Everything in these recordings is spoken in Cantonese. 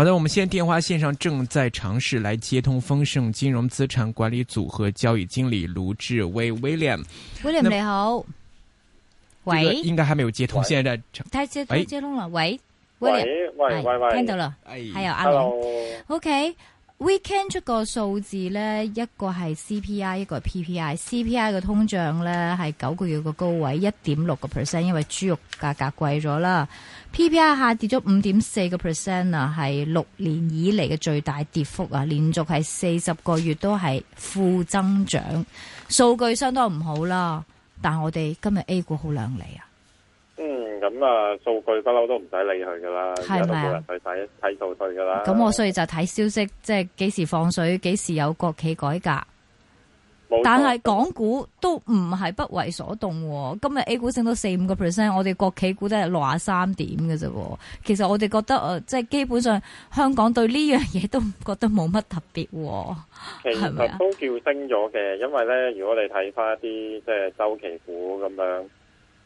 好的，我們現在電話線上正在嘗試來接通豐盛金融資產管理組合交易經理盧志威 William 那。William 你好，喂，應該還沒有接通，喂現在，在，哎接，接通了。喂，William，喂喂喂，聽到啦，係啊喂，阿龍 Hello，OK。Weekend 出個數字咧，一個係 CPI，一個係 PPI。CPI 嘅通脹咧係九個月嘅高位，一點六個 percent，因為豬肉價格貴咗啦。PPI 下跌咗五點四個 percent 啊，係六年以嚟嘅最大跌幅啊，連續係四十個月都係負增長，數據相當唔好啦。但係我哋今日 A 股好靚麗啊！嗯，咁啊，數據不嬲嗎都唔使理佢噶啦，係咪啊？睇睇睇數據噶啦。咁我所以就睇消息，即係幾時放水，幾時有國企改革。錯但係港股都唔係不為所動。今日 A 股升到四五個 percent，我哋國企股都係落下三點噶啫。其實我哋覺得誒、呃，即係基本上香港對呢樣嘢都覺得冇乜特別。其實嗎都叫升咗嘅，因為咧，如果你睇翻一啲即係週期股咁樣。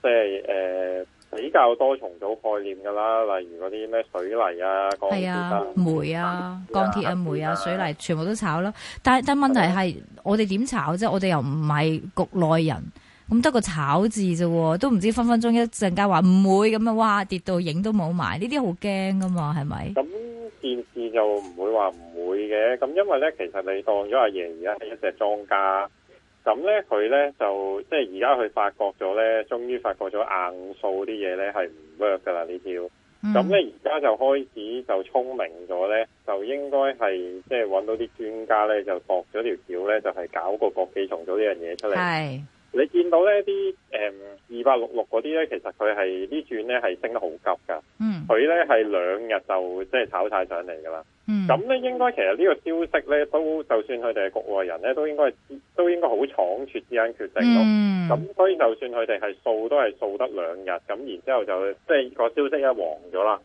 即係誒、呃，比較多重組概念噶啦，例如嗰啲咩水泥啊，係啊，啊，煤啊，鋼鐵啊，煤啊，啊啊水泥，全部都炒啦。但但問題係的，我哋點炒啫？我哋又唔係局內人，咁得個炒字啫，都唔知分分鐘一陣間話唔會咁啊！哇，跌到影都冇埋，呢啲好驚噶嘛？係咪？咁件事就唔會話唔會嘅，咁因為咧，其實你當咗阿爺，而家係一隻莊家。咁咧，佢咧、嗯、就即係而家佢發覺咗咧，終於發覺咗硬數啲嘢咧係唔 work 噶啦呢招。咁咧而家就開始就聰明咗咧，就應該係即係揾到啲專家咧就度咗條橋咧，就係、就是、搞個國企重組呢樣嘢出嚟。係是你見到咧啲誒二八六六嗰啲咧，其實佢係呢轉咧係升得好急噶。嗯，佢咧係兩日就即係、就是、炒晒上嚟噶啦。咁咧，嗯、應該其實呢個消息咧，都就算佢哋係局外人咧，都應該都應該好倉促之間決定咯，咁、嗯、所以，就算佢哋係掃都係掃得兩日，咁然之後就即係、就是、個消息一黃咗啦，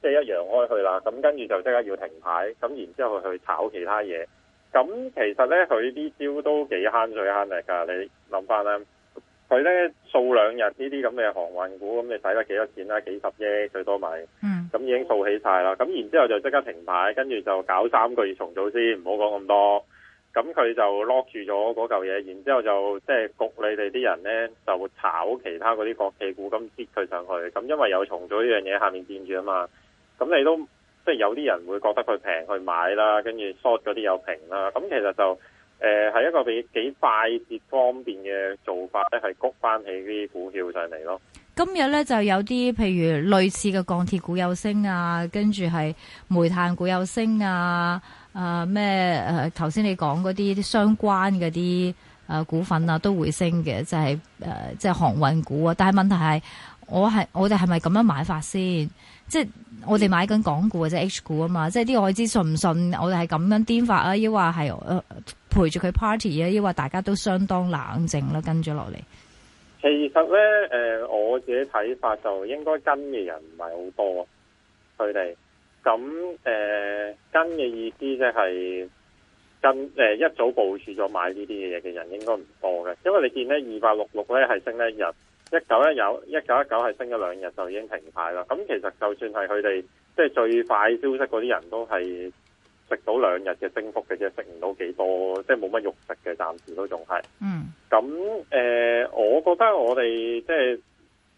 即係一揚開去啦，咁跟住就即刻要停牌，咁然之後去炒其他嘢。咁其實咧，佢啲招都幾慳水慳力噶。你諗翻啦，佢咧掃兩日呢啲咁嘅航運股，咁你使得幾多錢啦？幾十億最多咪？嗯咁、嗯、已經套起晒啦，咁然之後就即刻停牌，跟住就搞三個月重組先，唔好講咁多。咁佢就 lock 住咗嗰嚿嘢，然之後就即係焗你哋啲人呢，就炒其他嗰啲國企股，咁跌佢上去。咁因為有重組呢樣嘢下面墊住啊嘛，咁你都即係有啲人會覺得佢平去買啦，跟住 short 嗰啲又平啦。咁其實就～誒係、呃、一個比幾快捷方便嘅做法咧，係谷翻起啲股票上嚟咯。今日咧就有啲譬如類似嘅鋼鐵股有升啊，跟住係煤炭股有升啊，啊咩誒頭先你講嗰啲相關嗰啲誒股份啊都會升嘅，就係誒即係航運股啊。但係問題係，我係我哋係咪咁樣買法先？即係我哋買緊港股或者 H 股啊嘛，即係啲外資信唔信我哋係咁樣癲法啊？抑或係誒陪住佢 party 啊？抑或大家都相當冷靜啦，啊，跟咗落嚟。其實咧，誒、呃，我自己睇法就應該跟嘅人唔係好多，佢哋咁誒跟嘅意思即係跟誒、呃、一早部署咗買呢啲嘢嘅人應該唔多嘅，因爲你見咧二百六六咧係升一日。一九一有，一九一九係升咗兩日就已經停牌啦。咁其實就算係佢哋即係最快消息嗰啲人都係食到兩日嘅升幅嘅啫，食唔到幾多，即係冇乜肉食嘅，暫時都仲係。嗯。咁誒、呃，我覺得我哋即係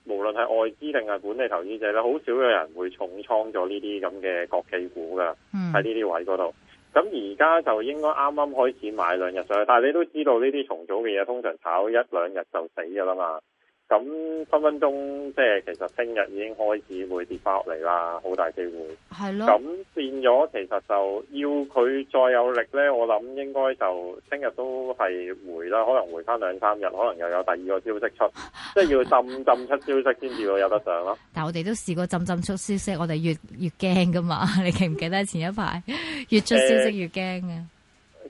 無論係外資定係本地投資者咧，好少有人會重倉咗呢啲咁嘅國企股噶。喺呢啲位嗰度，咁而家就應該啱啱開始買兩日上去，但係你都知道呢啲重組嘅嘢，通常炒一兩日就死噶啦嘛。咁分分鐘，即係其實聽日已經開始會跌翻落嚟啦，好大機會。係咯的。咁變咗，其實就要佢再有力咧，我諗應該就聽日都係回啦，可能回翻兩三日，可能又有第二個消息出， 即係要浸浸出消息先至會有得上咯。 但係我哋都試過浸浸出消息，我哋越越驚噶嘛。 你記唔記得前一排 越出消息越驚啊？呃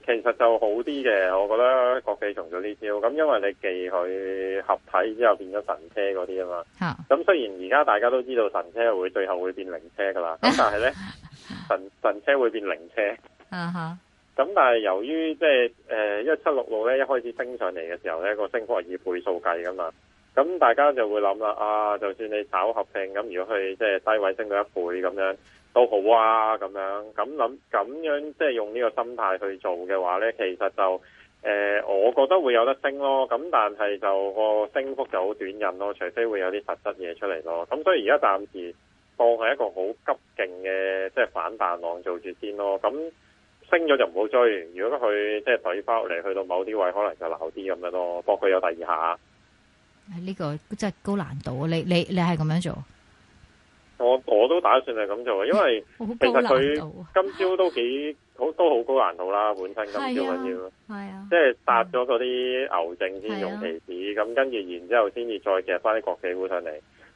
其實就好啲嘅，我覺得國企從咗呢招，咁因為你記佢合體之後變咗神車嗰啲啊嘛，咁、啊、雖然而家大家都知道神車會最後會變靈車噶啦，咁但係咧 神神車會變靈車，咁、啊、哈但係由於即係誒一七六六咧一開始升上嚟嘅時候咧、個升幅係以倍數計噶嘛，咁大家就會諗啦，啊就算你炒合併咁，如果去即係低位升到一倍咁樣。都好啊，咁樣咁諗咁樣，即係用呢個心態去做嘅話呢，其實就誒、呃，我覺得會有得升咯。咁但係就個升幅就好短癮咯，除非會有啲實質嘢出嚟咯。咁所以而家暫時放喺一個好急勁嘅即係反彈浪做住先咯。咁升咗就唔好追，如果佢即係推翻落嚟，去到某啲位，可能就留啲咁樣咯，博佢有第二下。呢、這個真係高難度，你你你係咁樣做？我我都打算係咁做，因為其實佢今朝都幾好， 都好高難度啦，本身今朝緊要，係啊，啊即係搭咗嗰啲牛證先用期指，咁跟住然之後先至再夾翻啲國企股上嚟。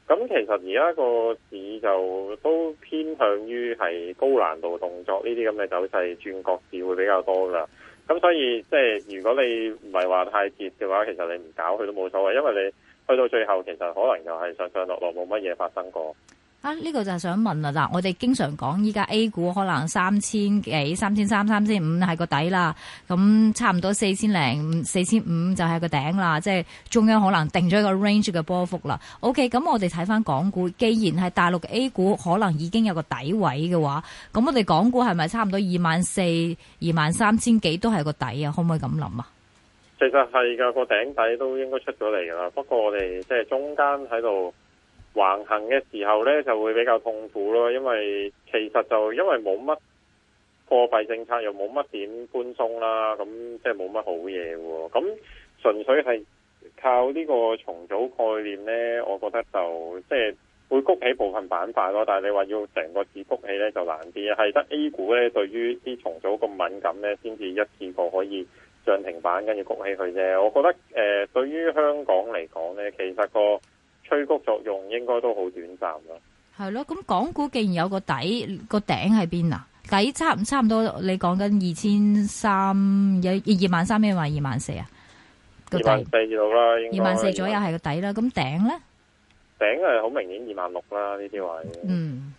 咁其實而家個市就都偏向於係高難度動作呢啲咁嘅走勢，轉角市會比較多啦。咁所以即係如果你唔係話太熱嘅話，其實你唔搞佢都冇所謂，因為你去到最後其實可能又係上上落落冇乜嘢發生過。啊！呢個就係想問啦，嗱，我哋經常講依家 A 股可能三千幾、三千三、三千五係個底啦，咁差唔多四千零、四千五就係個頂啦，即係中央可能定咗一個 range 嘅波幅啦。OK，咁我哋睇翻港股，既然係大陸嘅 A 股可能已經有個底位嘅話，咁我哋港股係咪差唔多二萬四、二萬三千幾都係個底啊？可唔可以咁諗啊？其實係噶，個頂底都應該出咗嚟噶啦，不過我哋即係中間喺度。橫行嘅時候呢就會比較痛苦咯，因為其實就因為冇乜貨幣政策又冇乜點寬鬆啦，咁即係冇乜好嘢喎。咁純粹係靠呢個重組概念呢，我覺得就即係、就是、會谷起部分板塊咯。但係你話要成個市谷起呢，就難啲。係得 A 股呢，對於啲重組咁敏感呢，先至一次過可以上停板，跟住谷起佢啫。我覺得誒、呃，對於香港嚟講呢，其實個。推谷作用應該都好短暫咯。係咯，咁港股既然有個底，個頂喺邊啊？底差唔差唔多？你講緊二千三有二萬三咩話二萬四啊？個底二萬四度啦，應該二萬四左右係個底啦。咁頂咧？頂係好明顯二萬六啦，呢啲位。嗯，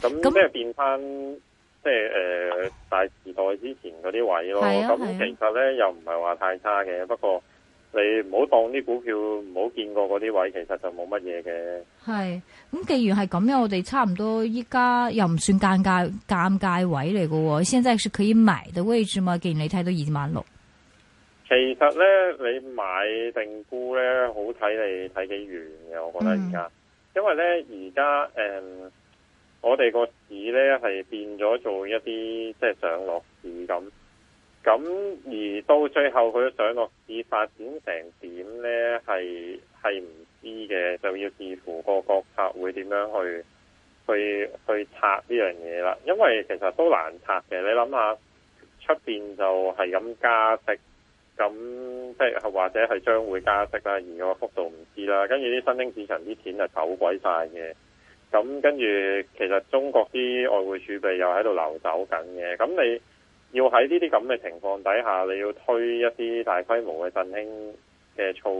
咁即係變翻，即係誒大時代之前嗰啲位咯。咁其實咧又唔係話太差嘅，不過。你唔好當啲股票唔好見過嗰啲位，其實就冇乜嘢嘅。係，咁既然係咁樣，我哋差唔多依家又唔算尷尬尷尬位嚟噶。現在是可以買的位置嘛。既然你睇到二萬六，其實咧你買定估咧，好睇你睇幾遠嘅。我覺得而家，因為咧而家誒，我哋個市咧係變咗做一啲即係上落市咁。咁而到最後佢上落市發展成點咧，係係唔知嘅，就要視乎個國策會點樣去去去拆呢樣嘢啦。因為其實都難拆嘅，你諗下出邊就係咁加息，咁即係或者係將會加息啦，而個幅度，唔知啦。跟住啲新興市場啲錢就走鬼晒，嘅。咁跟住其實中國啲外匯儲備又喺度流走緊嘅。咁你？要喺呢啲咁嘅情況底下，你要推一啲大規模嘅振興嘅措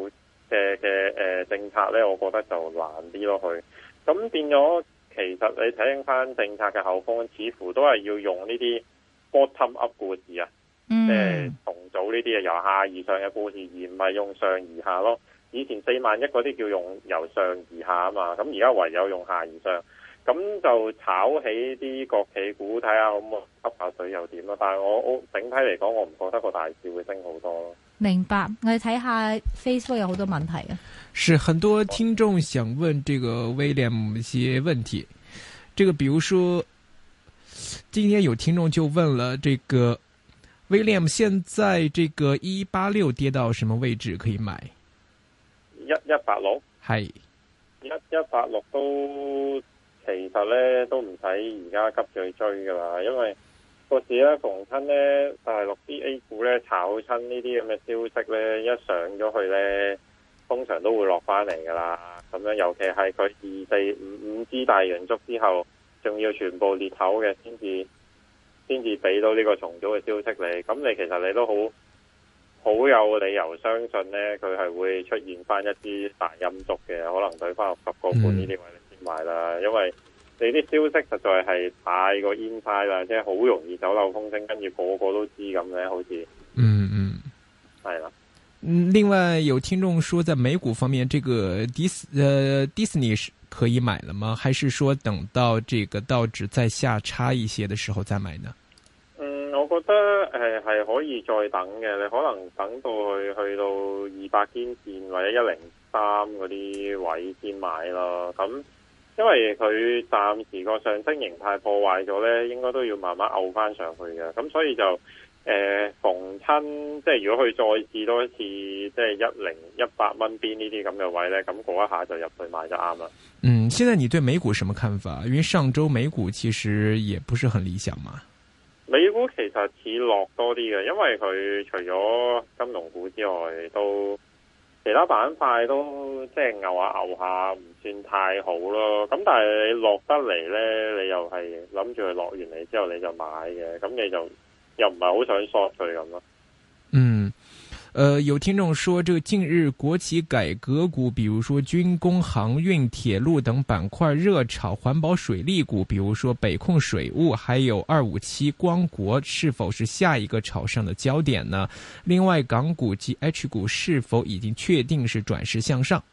嘅嘅誒政策咧，我覺得就難啲咯。佢咁變咗，其實你睇翻政策嘅口風，似乎都係要用呢啲 bottom up 嘅故事啊，即係重組呢啲啊，由下而上嘅故事，而唔係用上而下咯。以前四萬一嗰啲叫用由上而下啊嘛，咁而家唯有用下而上，咁就炒起啲國企股，睇下可唔可？嗯又點咯？但係我我整體嚟講，我唔覺得個大市會升好多咯。明白，我哋睇下 Facebook 有好多問題嘅。是很多聽眾想問這個 William 一些問題，這個比如說，今天有聽眾就問了，這個 William 現在這個一八六跌到什麼位置可以買？一一八六，係一一八六都其實咧都唔使而家急住去追噶啦，因為。嗰時咧逢親咧，大陸啲 A 股咧炒親呢啲咁嘅消息咧，一上咗去咧，通常都會落翻嚟噶啦。咁樣尤其係佢二四五五支大陽燭之後，仲要全部裂口嘅，先至先至俾到呢個重組嘅消息你。咁你其實你都好，好有理由相信咧，佢係會出現翻一啲大陰燭嘅，可能佢翻六、十個半呢啲位先買啦，因為。你啲消息實在係太過 inside 啦，即係好容易走漏風聲，跟住個個都知咁咧，好似嗯嗯，係、嗯、啦的、嗯。另外有聽眾說，在美股方面，這個 dis Disney、呃、可以買了嗎？還是說等到這個道指再下差一些的時候再買呢？嗯，我覺得誒係、呃、可以再等嘅，你可能等到去去到二百堅線或者一零三嗰啲位先買咯，咁、嗯。因為佢暫時個上升形態破壞咗呢，應該都要慢慢漚翻上去嘅。咁、嗯、所以就誒、呃、逢親，即係如果佢再試多一次，即係一零一百蚊邊呢啲咁嘅位呢，咁過一下就入去買就啱啦。嗯，現在你對美股什麼看法？因為上周美股其實也不是很理想嘛。美股其實似落多啲嘅，因為佢除咗金融股之外都。其他板塊都即係牛下牛下，唔算太好咯。咁但係你落得嚟呢，你又係諗住佢落完嚟之後你就買嘅，咁你就又唔係好想 short 佢咁咯。嗯。誒、呃，有聽眾說，這個近日國企改革股，比如說軍工、航運、鐵路等板塊熱炒，環保、水利股，比如說北控水務，還有二五七光國，是否是下一個炒上的焦點呢？另外，港股及 H 股是否已經確定是轉勢向上？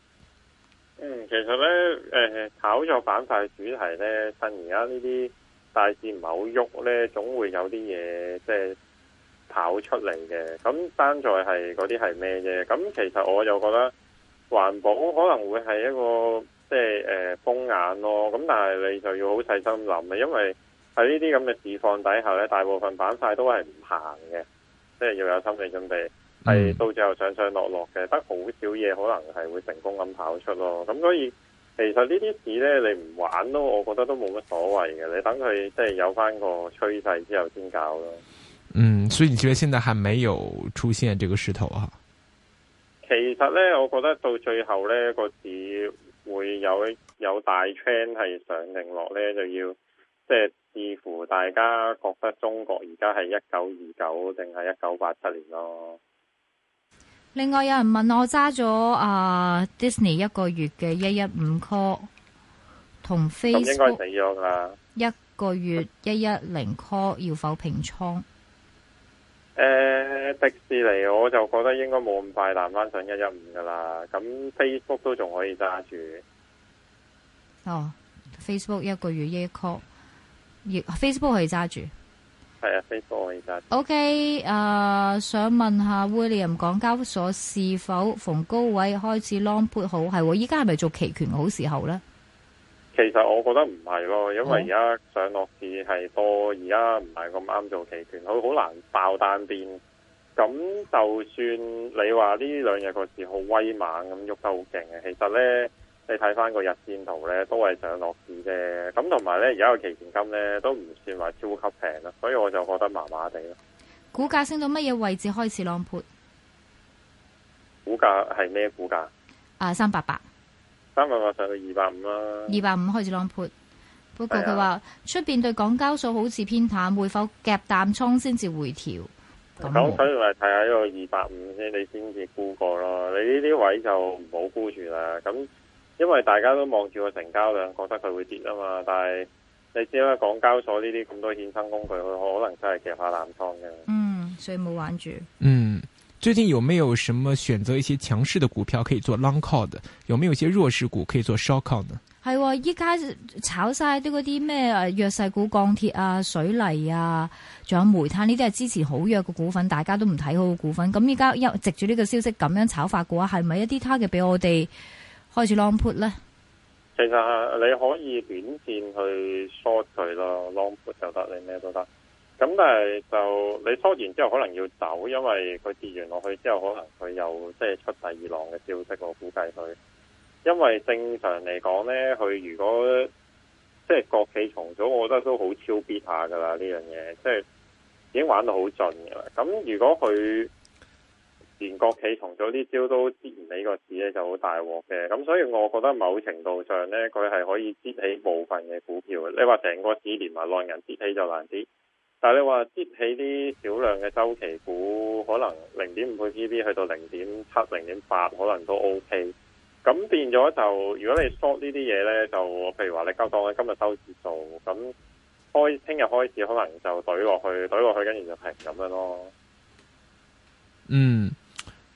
嗯，其實呢，呃、炒作板塊主題呢，趁而家呢啲大市唔好喐呢，總會有啲嘢即係。跑出嚟嘅，咁山在係嗰啲係咩啫？咁其實我又覺得環保可能會係一個即係誒、呃、風眼咯。咁但係你就要好細心諗啊，因為喺呢啲咁嘅市況底下咧，大部分板塊都係唔行嘅，即係要有心理準備，係是到最後上上落落嘅，得好少嘢可能係會成功咁跑出咯。咁所以其實事呢啲市咧，你唔玩都，我覺得都冇乜所謂嘅。你等佢即係有翻個趨勢之後先搞咯。嗯，所以你覺得現在還沒有出現這個勢頭啊？其實咧，我覺得到最後咧個市會有有大 trend 係上定落咧，就要即係視乎大家覺得中國而家係一九二九定係一九八七年咯。另外有人問我揸咗啊 Disney 一個月嘅一一五 call 同 Facebook 應該點樣啦，一個月一一零 call 要否平倉？誒、迪、欸、士尼我就覺得應該冇咁快彈翻上一一五噶啦。咁 Facebook 都仲可以揸住哦。Facebook 一個月一一、yeah, call，而 Facebook 可以揸住係啊。Facebook 可以揸住。OK，誒，想問下 William，港交所是否逢高位開始 long put 好？係依家係咪做期權好時候咧？其實我覺得唔係咯，因為而家上落市係多，而家唔係咁啱做期權，佢好難爆單邊。咁就算你話呢兩日個市好威猛咁喐得好勁嘅，其實呢，你睇翻個日線圖呢，都係上落市啫。咁同埋呢，而家個期權金呢，都唔算話超級平咯，所以我就覺得麻麻地咯。股價升到乜嘢位置開始 long put？股價係咩股價？啊、uh，三八八。三百或上到二百五啦，二百五開始浪潑。啊、不過佢話出邊對港交所好似偏淡，會否夾淡倉先至回調？咁所以咪睇下呢個二百五先，你先至沽過咯。你呢啲位就唔好沽住啦。咁因為大家都望住個成交量，覺得佢會跌啊嘛。但係你知啦，港交所呢啲咁多衍生工具，佢可能真係夾下淡倉嘅。嗯，所以冇玩住。嗯。最近有沒有什麼選擇一些強勢的股票可以做 long call？有沒有一些弱勢股可以做 short call 呢？係、哦，依家炒晒啲嗰啲咩弱勢股、鋼鐵啊、水泥啊，仲有煤炭呢啲係之前好弱嘅股份，大家都唔睇好嘅股份。咁依家藉住呢個消息咁樣炒法股啊，係咪一啲 target 俾我哋開始 long put 咧？其實你可以短綫去 short 佢咯，long put 就得，你咩都得。咁但係就你拖完之後，可能要走，因為佢跌完落去之後，可能佢又即係出第二浪嘅消息。我估計佢，因為正常嚟講呢，佢如果即係國企重組，我覺得都好超必下噶啦。呢樣嘢即係已經玩到好盡嘅啦。咁如果佢連國企重組啲招都支唔起個市咧，就好大鑊嘅。咁所以我覺得某程度上呢，佢係可以支起部分嘅股票。你話成個市連埋內銀支起就難啲。但係你話跌起啲少量嘅周期股，可能零點五倍 P/B 去到零點七、零點八，可能都 OK。咁變咗就，如果你 short 呢啲嘢咧，就譬如話你交檔喺今日收市數，咁開聽日開始可能就懟落去，懟落去，跟住就平咁樣咯。嗯。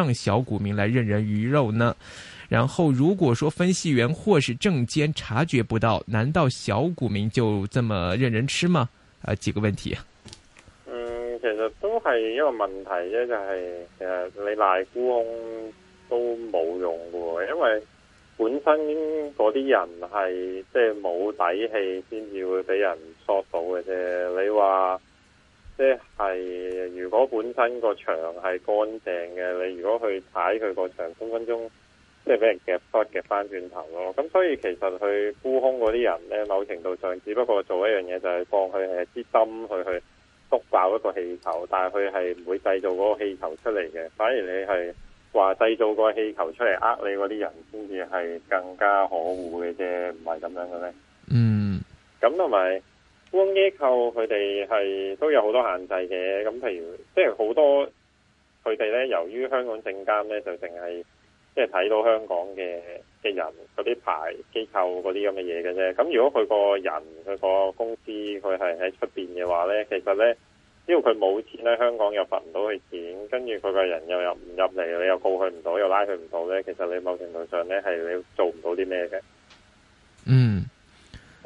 讓小股民來任人魚肉呢？然後如果說分析員或是證監察覺不到，難道小股民就這麼任人吃嗎？啊，幾個問題。嗯，其實都係一個問題啫，就係、是、誒，其實你賴光都冇用嘅，因為本身嗰啲人係即係冇底氣先至會俾人 short 到嘅啫。你話。即係如果本身個牆係乾淨嘅，你如果去踩佢個牆，分分鐘即係俾人夾忽夾翻轉頭咯。咁所以其實佢沽空嗰啲人咧，某程度上只不過做一樣嘢，就係幫佢係支針去去縮爆一個氣球，但係佢係唔會製造嗰個氣球出嚟嘅。反而你係話製造個氣球出嚟呃你嗰啲人，先至係更加可惡嘅啫，唔係咁樣嘅咧。嗯，咁同埋。官機構佢哋係都有好多限制嘅，咁譬如即係好多佢哋咧，由於香港證監咧就淨係即係睇到香港嘅嘅人嗰啲牌機構嗰啲咁嘅嘢嘅啫。咁如果佢個人佢個公司佢係喺出邊嘅話咧，其實咧，只要佢冇錢咧，香港又罰唔到佢錢，跟住佢個人又入唔入嚟，你又告佢唔到，又拉佢唔到咧，其實你某程度上咧係你做唔到啲咩嘅。嗯。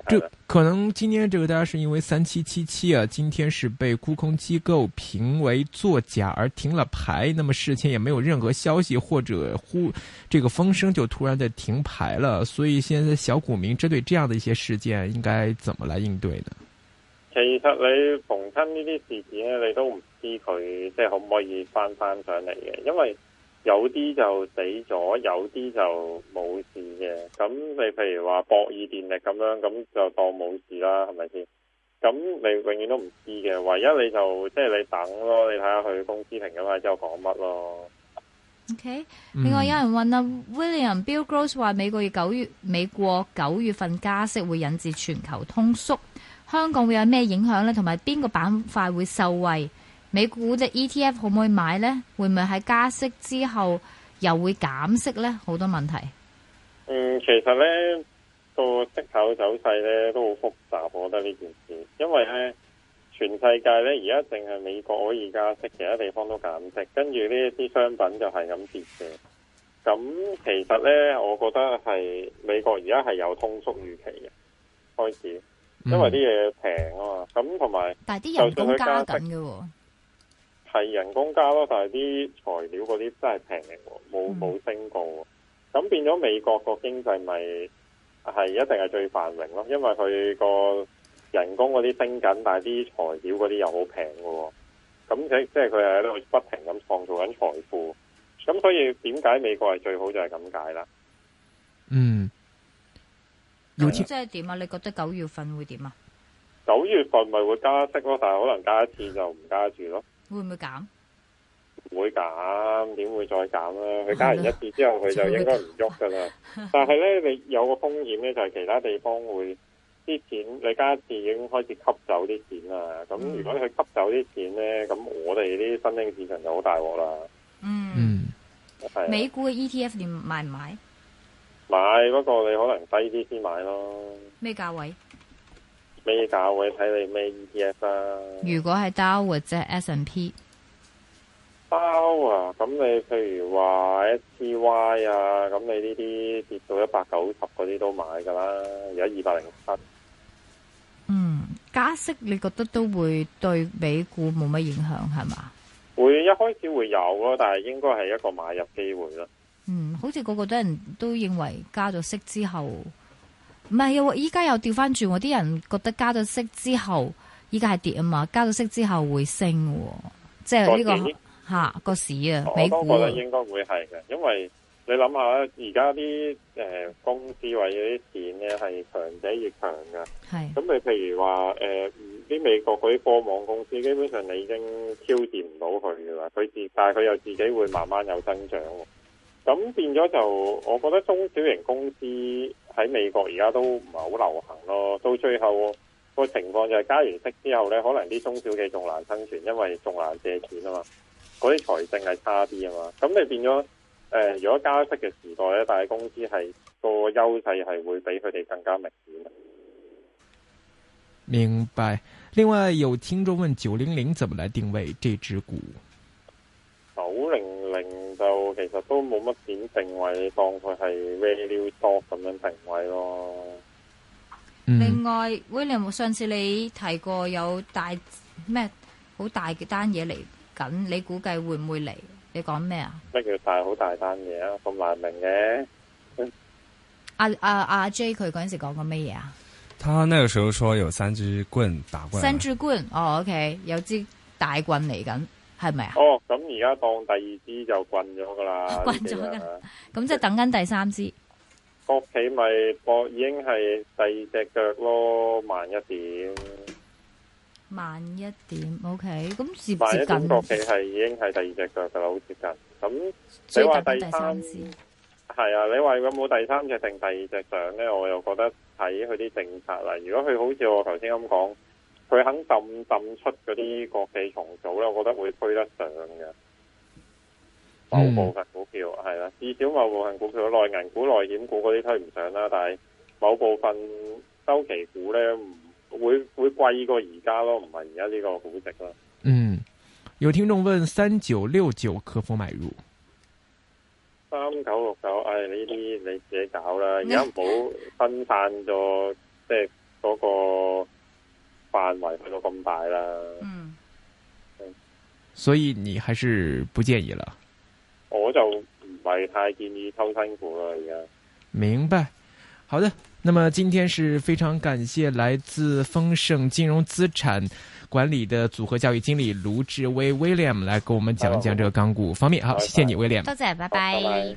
這可能今天這個大家是因為三七七七啊，今天是被沽空機構評為作假而停了牌。那麼事前也沒有任何消息或者呼這個風聲就突然的停牌了。所以現在小股民針對這樣的一些事件應該怎麼來應對呢？其實你逢親呢啲事件咧，你都唔知佢即係可唔可以翻翻上嚟嘅，因為。有啲就死咗，有啲就冇事嘅。咁你譬如話博爾電力咁樣，咁就當冇事啦，係咪先？咁你永遠都唔知嘅，唯一你就即係你等咯，你睇下佢公司停咗牌之後講乜咯。OK，另外有人問啊，William Bill Gross 話每個月九月美國九月份加息會引致全球通縮，香港會有咩影響呢？同埋邊個板塊會受惠？美股隻 ETF 可唔可以買呢？會唔會喺加息之後又會減息呢？好多問題。嗯，其實呢個息口走勢呢都好複雜，我覺得呢件事，因為呢全世界呢，而家淨係美國可以加息，其他地方都減息，跟住呢一啲商品就係咁跌嘅。咁其實呢，我覺得係美國而家係有通縮預期嘅開始，因為啲嘢平啊嘛，咁同埋，且但係啲人工加緊嘅。係人工加咯，但係啲材料嗰啲真係平，冇冇升過。咁、嗯、變咗美國個經濟咪係一定係最繁榮咯，因為佢個人工嗰啲升緊，但係啲材料嗰啲又好平嘅。咁即即係佢係喺度不停咁創造緊財富。咁所以點解美國係最好就係咁解啦。嗯，咁、嗯、即係點啊？你覺得九月份會點啊？九月份咪會加息咯，但係可能加一次就唔加住咯。會唔會減？唔會減，點會再減啊？佢 加完一次之後，佢就應該唔喐噶啦。 但係咧，你有個風險咧，就係、是、其他地方會啲錢，你加一次已經開始吸走啲錢啦。咁如果你去吸走啲錢咧，咁我哋啲新興市場就好大鑊啦。嗯， 啊、美股嘅 ETF 你買唔買？買，不過你可能低啲先買咯。咩價位？咩價位睇你咩 ETF 啦。如果係 Dow 或者 S&P，Dow 啊！咁你譬如話 S T Y 啊，咁你呢啲跌到一百九十嗰啲都買噶啦，而家二百零七。嗯，加息你覺得都會對美股冇乜影響係嘛？會，一開始會有咯，但係應該係一個買入機會咯。嗯，好似個個都人都認為加咗息之後。唔係喎，依家又調翻轉喎，啲人覺得加咗息之後，依家係跌啊嘛，加咗息之後會升喎，即係、這、呢個嚇個市啊，美股。我都覺得應該會係嘅，因為你諗下，而家啲誒公司或者啲片咧係強者愈強噶，係咁是你譬如話誒啲美國嗰啲過網公司，基本上你已經挑戰唔到佢噶啦，佢自但係佢又自己會慢慢有增長。咁變咗就，我覺得中小型公司喺美國而家都唔係好流行咯。到最後個情況就係加完息之後咧，可能啲中小企仲難生存，因為仲難借錢啊嘛，嗰啲財政係差啲啊嘛。咁你變咗，誒、呃，如果加息嘅時代咧，大公司係個優勢係會比佢哋更加明顯。明白。另外，有聽眾問：九零零怎麼來定位這支股？其實都冇乜點定位，當佢係 value dog 咁樣定位咯。嗯、另外，William，上次你提過有大咩好大嘅單嘢嚟緊，你估計會唔會嚟？你講咩 啊？咩叫大好大單嘢啊？咁難明嘅。阿阿阿 J 佢嗰陣時講過咩嘢啊？他那,他那個時候說有三支棍打過、啊、三支棍，哦，OK，有支大棍嚟緊。係咪啊？哦，咁而家當第二支就滾咗噶啦，滾咗噶，咁在即係等緊第三支。國企咪、就、博、是、已經係第二隻腳咯，慢一點。慢一點，OK，咁接唔接近？國企係已經係第二隻腳噶啦，好接近。咁你話第三支。係啊，你話有冇第三隻定第二隻上咧？我又覺得睇佢啲政策啦。如果佢好似我頭先咁講。佢肯浸浸出嗰啲國企重組咧，我覺得會推得上嘅。某部分股票係啦、嗯，至少某部分股票、內銀股、內險股嗰啲推唔上啦。但係某部分周期股咧，會會貴過而家咯，唔係而家呢個估值啦。嗯，有聽眾問：三九六九可否買入？三九六九，哎，呢啲你自己搞啦，而家唔好分散咗，即係嗰個。範圍去到咁大啦，嗯、所以你還是不建議啦。我就唔係太建議炒港股啦，而家。明白，好的。那麼今天是非常感謝來自豐盛金融資產管理的組合教育經理盧志威 William 來跟我們講一講這個港股方面。哦、好，謝謝你，William。拜拜，多謝，拜拜。